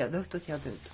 head õhtut, head ööd!